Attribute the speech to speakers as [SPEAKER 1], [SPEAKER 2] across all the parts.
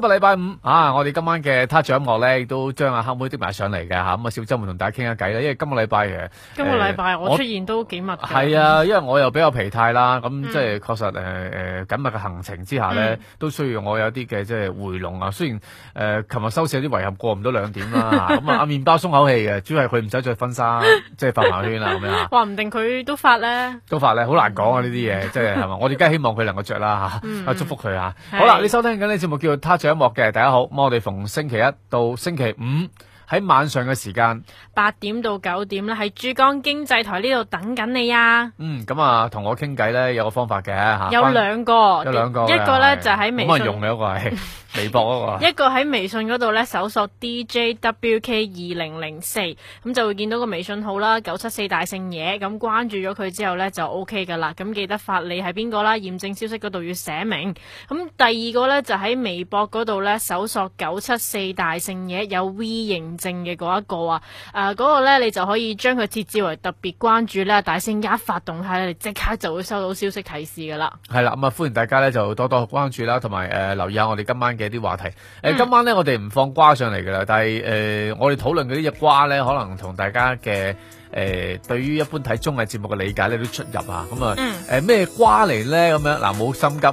[SPEAKER 1] 今個禮拜五啊！我哋今晚嘅他獎樂咧，都將阿黑妹拎埋上嚟嘅吓。咁啊，小周咪同大家傾下偈啦。因為今個禮拜嘅，今個禮拜我出現我都幾密係啊！因為我又比較疲態啦。咁、嗯、即係確實誒誒、呃，緊密嘅行程之下咧、嗯，都需要我有啲嘅即係回籠啊。雖然誒，琴、呃、日收視有啲遺憾，過唔到兩點啦。咁 啊，阿麵包鬆口氣嘅，主要係佢唔使着婚紗， 即係發朋友圈啦咁樣。話
[SPEAKER 2] 唔定佢都發咧，
[SPEAKER 1] 都發咧，好難講啊！呢啲嘢即係係嘛，我哋梗係希望佢能夠着啦吓、啊嗯，祝福佢啊！好啦，你收聽緊呢節目叫做音樂嘅大家好，咁我哋逢星期一到星期五。喺晚上嘅時間
[SPEAKER 2] 八點到九點咧，喺珠江經濟台呢度等緊你啊！
[SPEAKER 1] 嗯，咁啊，同我傾偈咧有個方法嘅嚇，有兩
[SPEAKER 2] 個，一個咧就喺微信，用
[SPEAKER 1] 嘅一個 微博嗰、嗰個，一
[SPEAKER 2] 個喺微信嗰度咧搜索 DJWK 二零零四，咁就會見到個微信號啦，九七四大聖嘢，咁關注咗佢之後咧就 OK 噶啦，咁記得發你係邊個啦，驗證消息嗰度要寫明。咁第二個咧就喺微博嗰度咧搜索九七四大聖嘢，有 V 型，正嘅嗰一個啊，誒、啊、嗰、那個咧，你就可以將佢設置為特別關注咧，大聲一發動態咧，你即刻就會收到消息提示噶啦。
[SPEAKER 1] 係啦，咁、嗯、啊歡迎大家咧就多多關注啦，同埋誒留意下我哋今晚嘅一啲話題。誒、呃，今晚咧我哋唔放瓜上嚟噶啦，但係誒、呃、我哋討論嗰啲瓜咧，可能同大家嘅誒、呃、對於一般睇綜藝節目嘅理解咧都出入啊。咁啊，誒、嗯、咩、呃、瓜嚟咧？咁樣嗱，冇、呃、心急，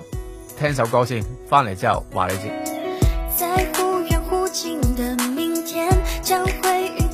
[SPEAKER 1] 聽首歌先，翻嚟之後話你知。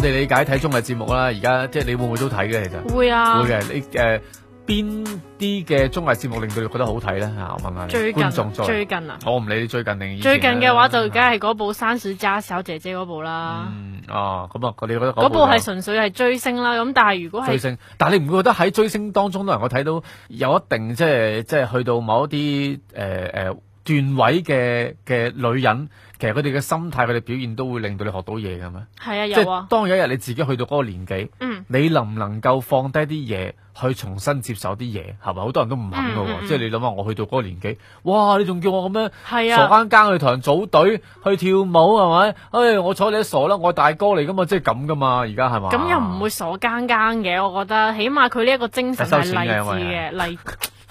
[SPEAKER 1] 我哋理解睇綜藝節目啦，而家即係你會唔會都睇嘅？其實會，會，會啊，會嘅。你誒邊啲嘅綜藝節目令到你覺得好睇咧？我問下你。最近最近啊？我唔理你最，最近定。最近嘅話
[SPEAKER 2] 就梗係嗰部《山鼠揸小姐姐》嗰部啦。
[SPEAKER 1] 哦，啊，咁啊，你覺得嗰部？係純
[SPEAKER 2] 粹係追星啦。咁但係如果係追星，
[SPEAKER 1] 但你唔會覺得喺追星當中都能夠睇到有一定即係即係去到某一啲誒、呃呃、段位嘅嘅女人。其實佢哋嘅心態，佢哋表現都會令到你學到嘢嘅咩？係啊，有啊。即係當有一日你自己去到嗰個年紀、嗯，你能唔能夠放低啲嘢去重新接受啲嘢，係咪？好多人都唔肯㗎喎，嗯嗯。即係你諗下，我去到嗰個年紀，哇！你仲叫我咁樣傻更更去同人組隊去跳舞，係咪，啊？哎，我睬你都傻啦，我係大哥嚟噶嘛，即係咁噶嘛，而家係嘛？咁
[SPEAKER 2] 又唔會傻更更嘅，我覺得起碼佢呢一個精神係勵志嘅。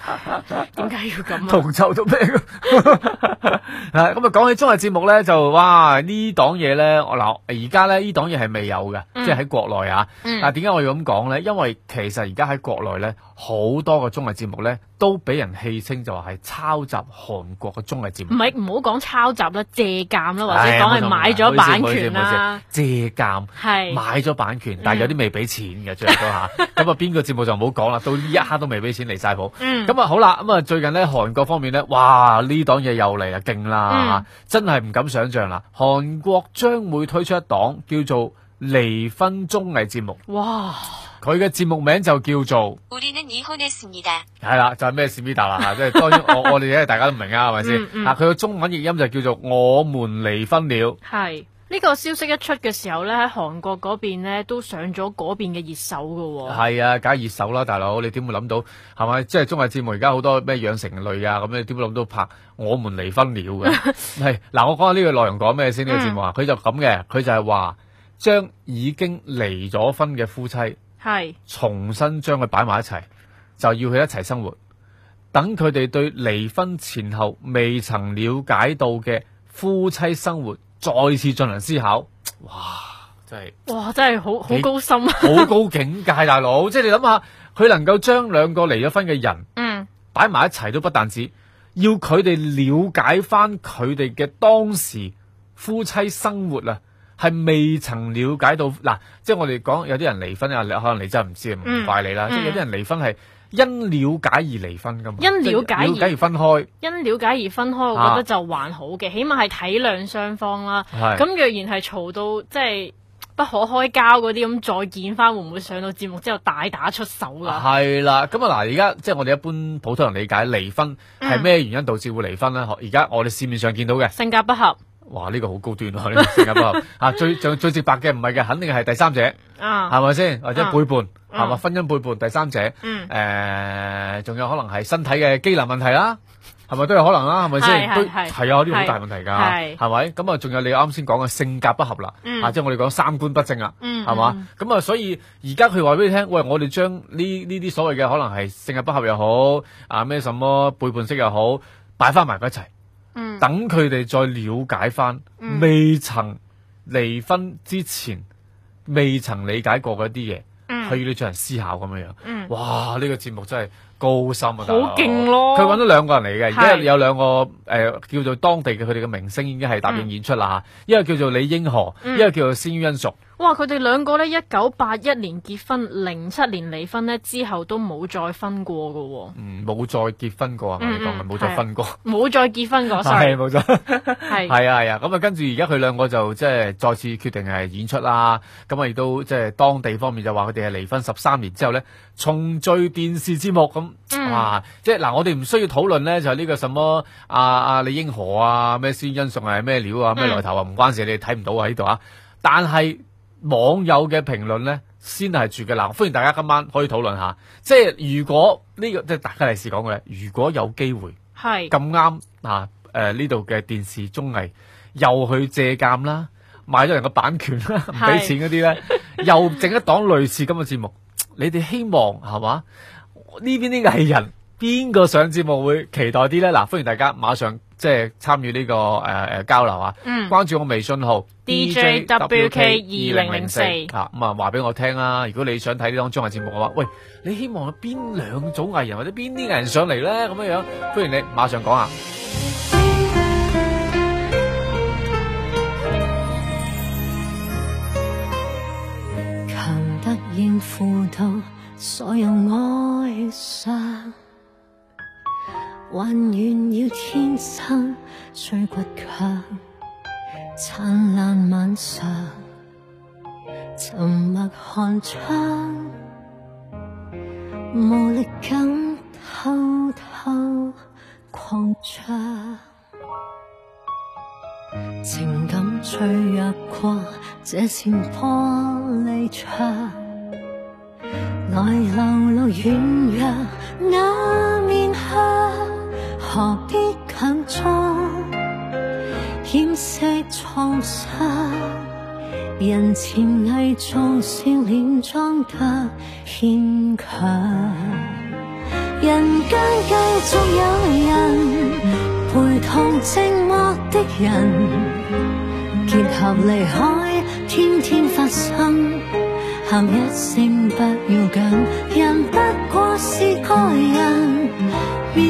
[SPEAKER 2] 點、啊、解、啊啊、要咁
[SPEAKER 1] 啊？同臭到咩？ 咁、嗯、啊，講起綜藝節目咧，就哇呢檔嘢咧，我嗱而家咧呢檔嘢係未有嘅，即係喺國內啊。但係點解我要咁講咧？因為其實而家喺國內咧。好多個綜藝節目咧，都俾人戲稱就係抄襲韓國嘅綜藝節目。唔
[SPEAKER 2] 係唔好講抄襲啦，借鑑啦，或者講係買咗版權啦、
[SPEAKER 1] 啊。借鑑，買咗版權，嗯、但係有啲未俾錢嘅，最多下。咁啊，邊個節目就唔好講啦，到呢一刻都未俾錢嚟曬普嗯咁啊，好啦，咁啊，最近咧韓國方面咧，哇呢檔嘢又嚟啊，勁啦、嗯，真係唔敢想象啦。韓國將會推出一檔叫做。離婚綜藝節目，
[SPEAKER 3] 哇！
[SPEAKER 1] 佢嘅節目名就叫做，係啦，就係咩思密達啦，即 係當然我我哋大家都唔明啊，係咪先？嗱、嗯，佢、嗯、嘅中文譯音就叫做《我們離婚了》。
[SPEAKER 2] 係、這、呢個消息一出嘅時候咧，喺韓國嗰邊咧都上咗嗰邊嘅熱搜噶。
[SPEAKER 1] 係啊，梗係熱搜啦，大佬，你點會諗到係咪？即係綜藝節目而家好多咩養成類啊，咁你點會諗到拍《我們離婚了》嘅？係 嗱，我講下呢個內容講咩先呢、這個節目啊？佢、嗯、就咁嘅，佢就係話。將已經離咗婚嘅夫妻，係重新將佢擺埋一齊，就要佢一齊生活，等佢哋對離婚前後未曾了解到嘅夫妻生活再次進行思考。哇！真係
[SPEAKER 2] 哇，真係好好高深，好
[SPEAKER 1] 高境界，大佬。即係你諗下，佢能夠將兩個離咗婚嘅人，嗯，擺埋一齊，都不但止要佢哋了解翻佢哋嘅當時夫妻生活啊。係未曾了解到嗱，即係我哋講有啲人離婚啊，可能你真係唔知，唔、嗯、怪你啦、嗯。即係有啲人離婚係因了解而離婚㗎嘛，因了解，而了解而分開，
[SPEAKER 2] 因了解而分開，我覺得就還好嘅、啊，起碼係體諒雙方啦。咁若然係嘈到即係、就是、不可開交嗰啲，咁再見翻會唔會上到節目之後大打出
[SPEAKER 1] 手啦係、啊、啦，咁啊嗱，而家即係我哋一般普通人理解離婚係咩、嗯、原因導致會離婚咧？而家我哋市面上見到嘅性格不合。哇！呢、這個好高端咯、啊，呢、這個性格不合、 啊、最最最直白嘅唔係嘅，肯定係第三者，係咪先？或者背叛係嘛、啊？婚姻背叛第三者，誒、嗯，仲、呃、有可能係身體嘅機能問題啦，係咪都有可能啦、啊？係咪先？都係啊！啲好大問題㗎，係咪？咁啊，仲有你啱先講嘅性格不合啦、嗯，啊，即係我哋講三觀不正啦，係嘛？咁、嗯、啊，是是嗯、所以而家佢話俾你聽，喂，我哋將呢呢啲所謂嘅可能係性格不合又好啊咩什麼背叛式又好，擺翻埋一齊。嗯，等佢哋再了解翻，未曾離婚之前、嗯，未曾理解過嗰啲嘢，去要啲人思考咁樣樣。嗯，哇，呢、這個節目真係高深啊，好勁咯！佢搵咗兩個人嚟嘅，而家有兩個誒、呃，叫做當地嘅佢哋嘅明星已經係答應演出啦吓、嗯，一個叫做李英河、嗯，一個叫做鮮于欣淑。
[SPEAKER 2] 哇！佢哋兩個咧，一九八一年結婚，零七年離婚咧，之後都冇再分過噶、哦。嗯，
[SPEAKER 1] 冇再結婚過啊、嗯！我哋講冇再分過。
[SPEAKER 2] 冇 再結婚過 sorry 係冇錯，係
[SPEAKER 1] 係啊係啊！咁啊， 跟住而家佢兩個就即係、就是、再次決定係演出啦。咁啊，亦都即係、就是、當地方面就話佢哋係離婚十三年之後咧，重聚電視節目咁，哇即係嗱，我哋唔需要討論咧，就係、是、呢個什麼啊啊李英河啊咩孫恩順係、啊、咩料啊咩來頭啊？唔、嗯、關事，你睇唔到啊喺度啊。但係網友嘅評論咧，先係住嘅。嗱，歡迎大家今晚可以討論下。即係如果呢、呢個即係大家嚟試講嘅，如果有機會咁啱嗱呢度嘅電視綜藝又去借鑒啦，買咗人嘅版權啦，唔俾 錢嗰啲咧，又整一檔類似咁嘅節目， 你哋希望係嘛？呢邊啲藝人？邊個上節目會期待啲咧？嗱，歡迎大家馬上即係參與呢、這個誒誒、呃、交流啊！嗯、關注我微信號 DJWK DJ 二零零四啊！咁啊，話俾我聽啦、啊！如果你想睇呢檔綜藝節目嘅話，喂，你希望有邊兩組藝人或者邊啲藝人上嚟咧？咁樣樣，歡迎你馬上講啊！
[SPEAKER 4] 強得應付到所有哀傷。還願要天生最倔強，燦爛晚上，沉默寒窗，無力感偷偷狂唱，情感脆弱過這扇玻璃窗，來流露軟弱那面向。何必強裝掩飾創傷？人前偽裝笑臉，裝得牽強。人間繼續有人陪同寂寞的人，結合離開，天天發生，喊一聲不要緊。人不過是個人。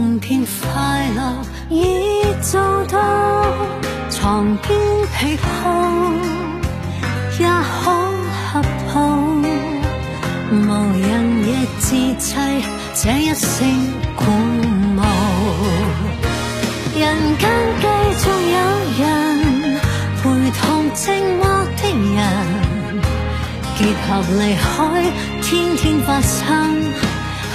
[SPEAKER 4] 片快樂已做到，床邊被鋪也好合抱，無人亦自棄這一生孤傲。人間繼續有人陪同寂寞的人，結合離開，天天發生。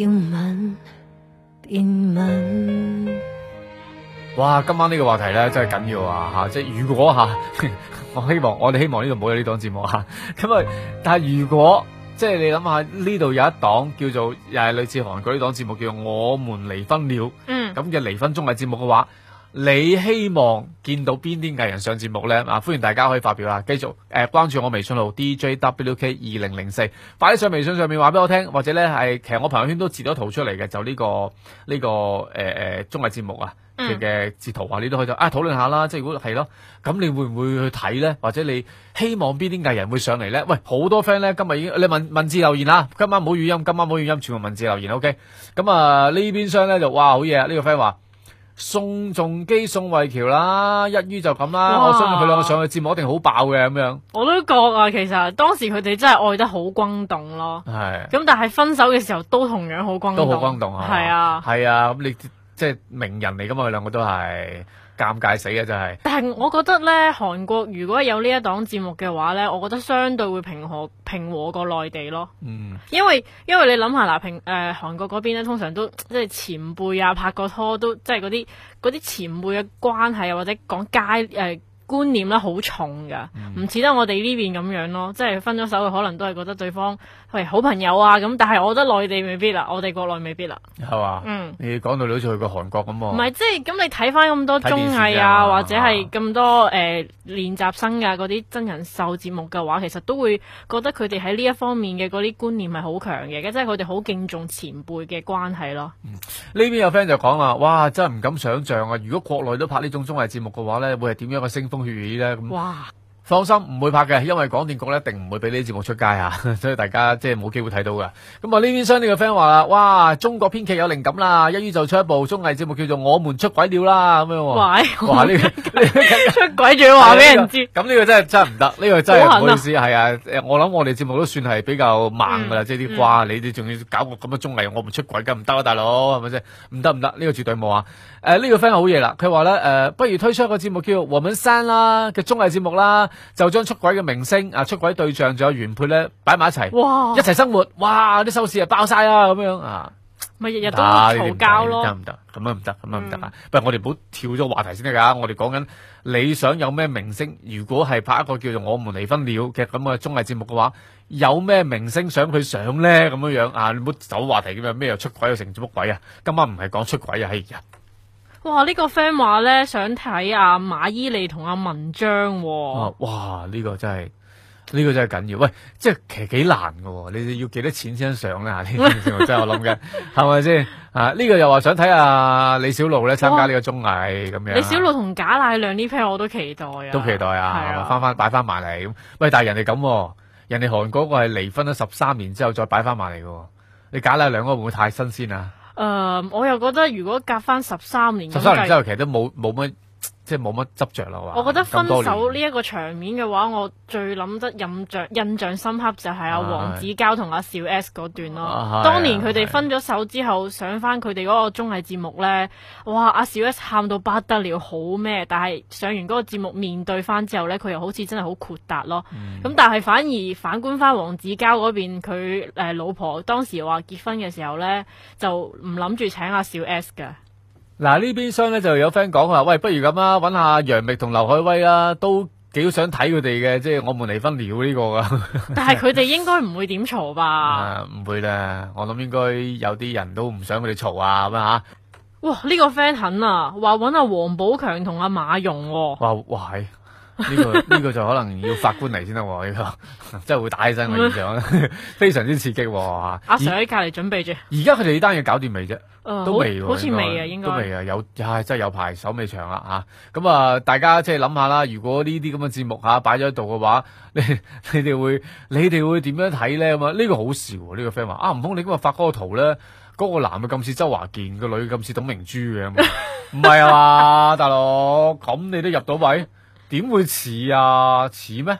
[SPEAKER 4] 要文變文
[SPEAKER 1] 哇！今晚呢個話題咧真係緊要啊吓、啊，即係如果吓、啊，我希望我哋希望呢度冇呢檔節目吓，咁啊！但係如果即係你諗下呢度有一檔叫做又係類似韓國呢檔節目，叫做《我們離婚了》，嗯，咁嘅離婚綜藝節目嘅話，你希望見到邊啲藝人上節目咧？啊，歡迎大家可以發表啦，繼續誒關注我微信號 D J W K 二零零四，2004，快啲上微信上面話俾我聽，或者咧係其實我朋友圈都截咗圖出嚟嘅，就呢、這個呢、這個誒誒、呃、綜藝節目啊嘅嘅截圖、嗯、啊，你都可以啊討論下啦。即係如果係咯，咁你會唔會去睇咧？或者你希望邊啲藝人會上嚟咧？喂，好多 friend 咧，今日已經你問文字留言啦、啊。今晚冇語音，今晚冇語，語音，全部文字留言，OK、啊。咁啊呢邊廂咧就哇好嘢，呢、這個 friend 話。宋仲基、宋慧喬啦，一於就咁啦，我相信佢兩個上嘅節目一定好爆嘅咁樣。
[SPEAKER 2] 我都覺啊，其實當時佢哋真係愛得好轟動咯。係、啊，咁但係分手嘅時候都同樣好轟動。都好轟
[SPEAKER 1] 動係啊，係啊，咁、啊、你即係、就是、名人嚟噶嘛？佢兩個都係。尷尬死啊！真係，但
[SPEAKER 2] 係我覺得咧，韓國如果有呢一檔節目嘅話咧，我覺得相對會平和平和過內地咯。嗯，因為因為你諗下嗱，平誒、呃、韓國嗰邊咧，通常都即係前輩啊，拍過拖都即係嗰啲嗰啲前輩嘅關係啊，或者講街、呃觀念咧好重噶，唔似得我哋呢邊咁樣咯，即係分咗手嘅可能都係覺得對方喂好朋友啊咁，但係我覺得內地未必啦，我哋國內未必啦，
[SPEAKER 1] 係嘛、啊？嗯，你講到你好似去過韓國咁喎。唔係，
[SPEAKER 2] 即係咁你睇翻咁多綜藝啊，或者係咁多誒練、呃、習生啊嗰啲真人秀節目嘅話，其實都會覺得佢哋喺呢一方面嘅嗰啲觀念係好強嘅，即係佢哋好敬重前輩嘅關係咯。
[SPEAKER 1] 呢邊有 friend 就講啦，哇，真係唔敢想象啊！如果國內都拍呢種綜藝節目嘅話呢會係點樣嘅升風？粵語咧
[SPEAKER 3] 咁，
[SPEAKER 1] 放心唔會拍嘅，因為廣電局咧一定唔會俾呢啲節目出街啊，所以大家即係冇機會睇到噶。咁啊呢邊新呢個 friend 話啦，哇，中國編劇有靈感啦，一於就出一部綜藝節目叫做《我們出軌了》啦，咁樣哇呢個出軌仲要話俾人知，咁呢個真係真係唔得，呢個真係唔好意思，係啊，我諗我哋節目都算係比較猛噶啦，即係啲瓜，你哋仲要搞個咁嘅綜藝《我們出軌》梗唔得啊大佬，係咪先？唔得唔得，呢個絕對冇啊！誒、呃這個、呢個 friend 好嘢啦，佢話咧誒，不如推出一個節目叫《我們生啦》嘅綜藝節目啦，就將出軌嘅明星啊、出軌對象仲有原配咧擺埋一齊，哇，一齊生活，哇啲收視啊爆晒啊咁樣啊，咪日日都嘈交咯，得唔得？咁樣唔得，咁樣唔得啊！唔係、嗯、我哋唔好跳咗話題先得噶，我哋講緊你想有咩明星？如果係拍一個叫做《我們離婚了》嘅咁嘅綜藝節目嘅話，有咩明星想佢上咧？咁樣樣啊，你唔好走話題咁樣，咩又出軌又成乜鬼啊？今晚唔係講出軌啊，係～
[SPEAKER 2] 哇！這個、呢個 friend 話咧想睇阿馬伊琍同阿文章、哦。喎、啊。哇！
[SPEAKER 1] 呢、這個真係呢、這個真係緊要。喂，即係其實幾難噶，你要幾多錢先上咧？吓呢件真係我諗緊，係咪先？啊！呢、這個又話想睇阿、啊、李小璐咧參加呢個綜藝咁樣。李小
[SPEAKER 2] 璐同賈乃亮呢 pair 我都期待啊，都
[SPEAKER 1] 期待啊，翻翻擺翻埋嚟咁。喂，但係人哋咁、啊，人哋韓國個係離婚咗十三年之後再擺翻埋嚟噶。你賈乃亮個會唔會太新鮮啊？
[SPEAKER 2] 誒、uh，我又覺得如果隔返十三年，十三、就是、年之後其
[SPEAKER 1] 實都冇冇乜。即係冇乜執着咯。我覺得分手
[SPEAKER 2] 呢一個場面嘅話，我最諗得印象印象深刻就係阿黃子佼同阿小 S 嗰段咯。啊、當年佢哋分咗手之後，的上翻佢哋嗰個綜藝節目呢，哇！阿、啊、小 S 喊到不得了，好咩？但係上完嗰個節目面對翻之後呢，佢又好似真係好豁達咯。咁、嗯、但係反而反觀翻黃子佼嗰邊，佢誒老婆當時話結婚嘅時候呢，就唔諗住請阿、啊、小 S 噶。
[SPEAKER 1] 嗱，呢邊廂咧就有 friend 講話，喂不如咁啦，揾下楊冪同劉愷威啦，都幾想睇佢哋嘅，即係我們離婚了呢個噶。
[SPEAKER 2] 但係佢哋應該唔會點嘈吧？唔、
[SPEAKER 1] 啊、會啦，我諗應該有啲人都唔想佢哋嘈啊咁樣吓？
[SPEAKER 2] 哇！呢、這個 friend 狠啊，話揾阿王寶強同阿馬蓉喎、
[SPEAKER 1] 啊。哇哇呢、 這個呢、這個就可能要法官嚟先得喎，呢、這個真係會打起身嘅現象， 非常之刺激、啊。阿 Sir 喺
[SPEAKER 2] 隔籬準備住。
[SPEAKER 1] 而家佢哋呢單嘢搞掂未啫？都未，好似未啊，應該都未啊，有，唉、哎，真係有排手尾長啦吓。咁啊，啊，大家即係諗下啦，如果呢啲咁嘅節目吓擺咗喺度嘅話，你你哋會你哋會點樣睇咧？咁啊，呢、這個好笑、啊。呢、這個 friend 話：啊，吳峰，你今日發嗰個圖咧，嗰、那個男嘅咁似周華健，那個女咁似董明珠嘅，唔係啊嘛，啊 大佬，咁你都入到位？點會似啊？似咩？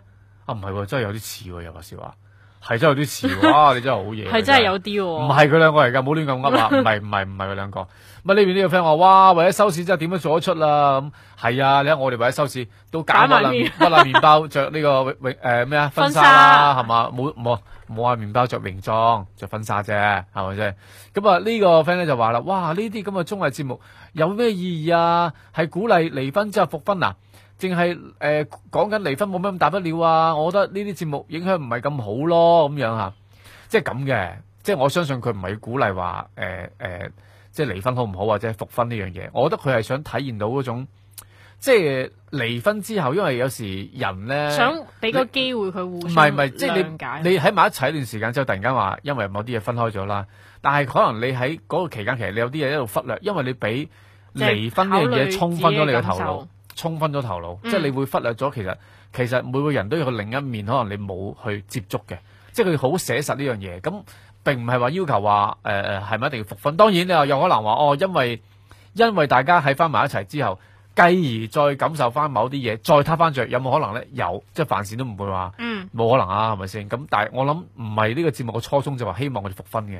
[SPEAKER 1] 啊，唔係喎，真係有啲似喎，又話笑話，係真係有啲似、啊。哇、 啊！你真係好嘢，係真係有啲喎、啊。唔係佢兩個嚟㗎，冇亂咁噏啊！唔係，唔係，唔係佢兩個。乜呢邊呢個 friend 話哇，為咗收視真係點樣做得出啦咁？係啊，你、嗯、睇、啊、我哋為咗收視，都假扮乜啦面 包着呢、這個泳誒咩啊婚紗啦係嘛？冇冇冇話面包着泳裝着婚紗啫，係咪先？咁啊呢個 friend 咧就話啦，嗯這個，哇呢啲咁嘅綜藝節目有咩意義啊？係鼓勵離婚之後復婚嗱、啊？淨係誒講緊離婚冇咩咁大不了啊？我覺得呢啲節目影響唔係咁好咯，咁樣吓，即係咁嘅，即係我相信佢唔係要鼓勵話誒誒。呃呃即係離婚好唔好，或者復婚呢樣嘢？我覺得佢係想體現到嗰種，即係離婚之後，因為有時人呢，想
[SPEAKER 2] 俾個機會佢互唔係唔係，即係你喺
[SPEAKER 1] 埋一齊一段時間之後，突然間話因為某啲嘢分開咗啦。但係可能你喺嗰個期間，其實你有啲嘢一度忽略，因為你俾離婚呢樣嘢沖昏咗你嘅頭腦，沖昏咗頭腦、嗯，即係你會忽略咗其實其實每個人都有另一面，可能你冇去接觸嘅，即係佢好寫實呢樣嘢咁。並唔係話要求話，誒誒係咪一定要復婚？當然你話有可能話哦，因為因為大家喺翻埋一齊之後，繼而再感受翻某啲嘢，再撻翻着，有冇可能咧？有，即係凡事都唔會話，嗯，冇可能啊，係咪先？咁但係我諗唔係呢個節目嘅初衷就話希望我哋復婚嘅。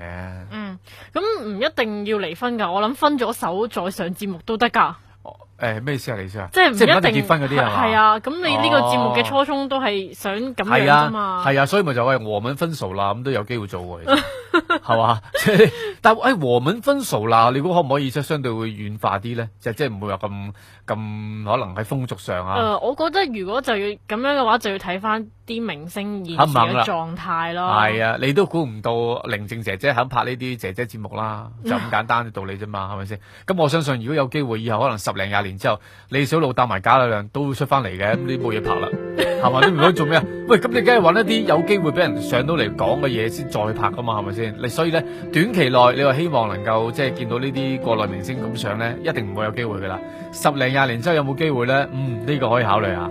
[SPEAKER 1] 嗯，
[SPEAKER 2] 咁唔一定要離婚㗎，我諗分咗手再上節目都得㗎。
[SPEAKER 1] 誒、哎，咩意思啊？你意思啊，即係唔一定是是結婚嗰啲啊，係啊。咁你呢個節目嘅初
[SPEAKER 2] 衷都係想咁樣啫嘛、啊。係、
[SPEAKER 1] 哦、啊，啊，所以咪就喂我哋分手啦，咁都有機會做嘅、啊。 係 嘛是吧？ 但係、哎、和文分數啦，你估可唔可以即相對會軟化啲咧？即即係唔會話咁咁可能喺風俗上啊？誒、呃，
[SPEAKER 2] 我覺得如果就要咁樣嘅話，就要睇翻啲明星現時嘅狀態咯。係、嗯、
[SPEAKER 1] 啊，你都估唔到寧靜姐姐肯拍呢啲姐姐節目啦，就咁簡單嘅道理啫嘛，係咪先？咁我相信如果有機會以後，可能十零廿年之後，李小璐搭埋賈乃亮都會出翻嚟嘅，咁部冇嘢拍啦。係 嘛？ 你唔想做咩啊？喂，咁你梗係揾一啲有機會俾人上到嚟講嘅嘢先再拍噶嘛？係咪先？你所以咧，短期內你話希望能夠即係見到呢啲國內明星咁上咧，一定唔會有機會噶啦。十零廿年之後有冇機會咧？嗯，呢、呢個可以考慮一
[SPEAKER 5] 下。